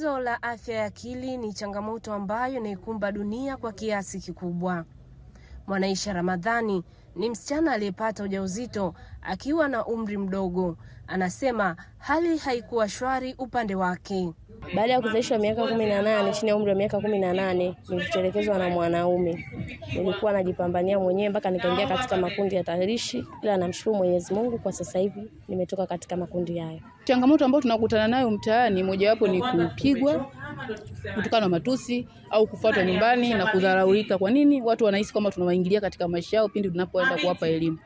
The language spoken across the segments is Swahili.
Tatizo la afya ya akili ni changamoto ambayo inaikumba dunia kwa kiasi kikubwa. Mwanaisha Ramadhani ni msichana aliyepata ujauzito akiwa na umri mdogo. Anasema hali haikuwa shwari upande wake. Baada ya kuzalishwa miaka kumi na nane, chini ya umri wa miaka kumi na nane nilitelekezwa na mwanaume. Nilikuwa najipambania mwenyewe mpaka nikaingia katika makundi ya tarishi, ila namshukuru Mwenyezi Mungu kwa sasa hivi nimetoka katika makundi hayo. Changamoto ambayo tunakutana nayo mtaani, mojawapo ni kupigwa kutokana na matusi au kufuatwa nyumbani na kudharaulika. Kwa nini watu wanahisi kwamba tunawaingilia katika maisha yao pindi tunapoenda kuwapa elimu?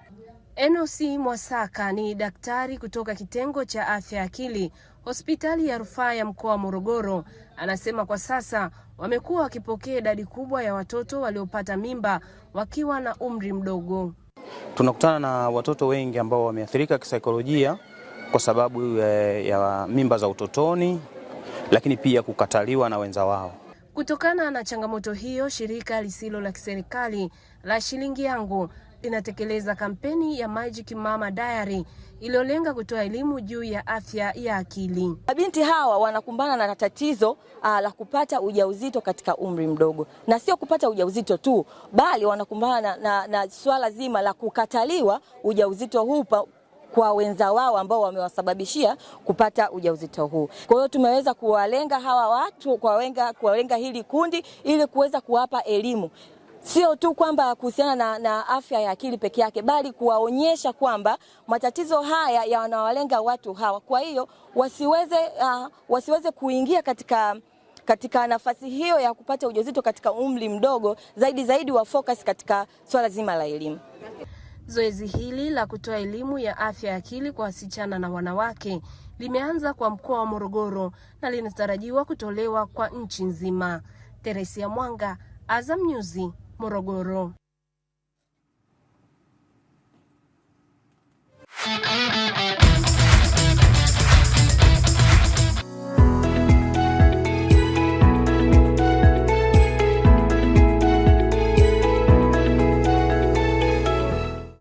Enosi Mwasaka ni daktari kutoka kitengo cha afya akili hospitali ya rufaa ya mkoa wa Morogoro anasema kwa sasa wamekuwa wakipokea idadi kubwa ya watoto waliopata mimba wakiwa na umri mdogo. Tunakutana na watoto wengi ambao wameathirika kisaikolojia kwa sababu eh, ya mimba za utotoni, lakini pia kukataliwa na wenza wao. Kutokana na changamoto hiyo, shirika lisilo la kiserikali la Shilingi Yangu inatekeleza kampeni ya Magic Mama Diary iliyolenga kutoa elimu juu ya afya ya akili. Mabinti hawa wanakumbana na tatizo uh, la kupata ujauzito katika umri mdogo, na sio kupata ujauzito tu, bali wanakumbana na, na, na swala zima la kukataliwa ujauzito huu kwa wenza wao ambao wamewasababishia kupata ujauzito huu. Kwa hiyo tumeweza kuwalenga hawa watu, kuwalenga, kuwalenga hili kundi ili kuweza kuwapa elimu sio tu kwamba kuhusiana na, na afya ya akili peke yake, bali kuwaonyesha kwamba matatizo haya yanawalenga watu hawa, kwa hiyo wasiweze, uh, wasiweze kuingia katika katika nafasi hiyo ya kupata ujauzito katika umri mdogo zaidi zaidi, wa focus katika swala zima la elimu. Zoezi hili la kutoa elimu ya afya ya akili kwa wasichana na wanawake limeanza kwa mkoa wa Morogoro na linatarajiwa kutolewa kwa nchi nzima. Teresia Mwanga, Azam News. Morogoro.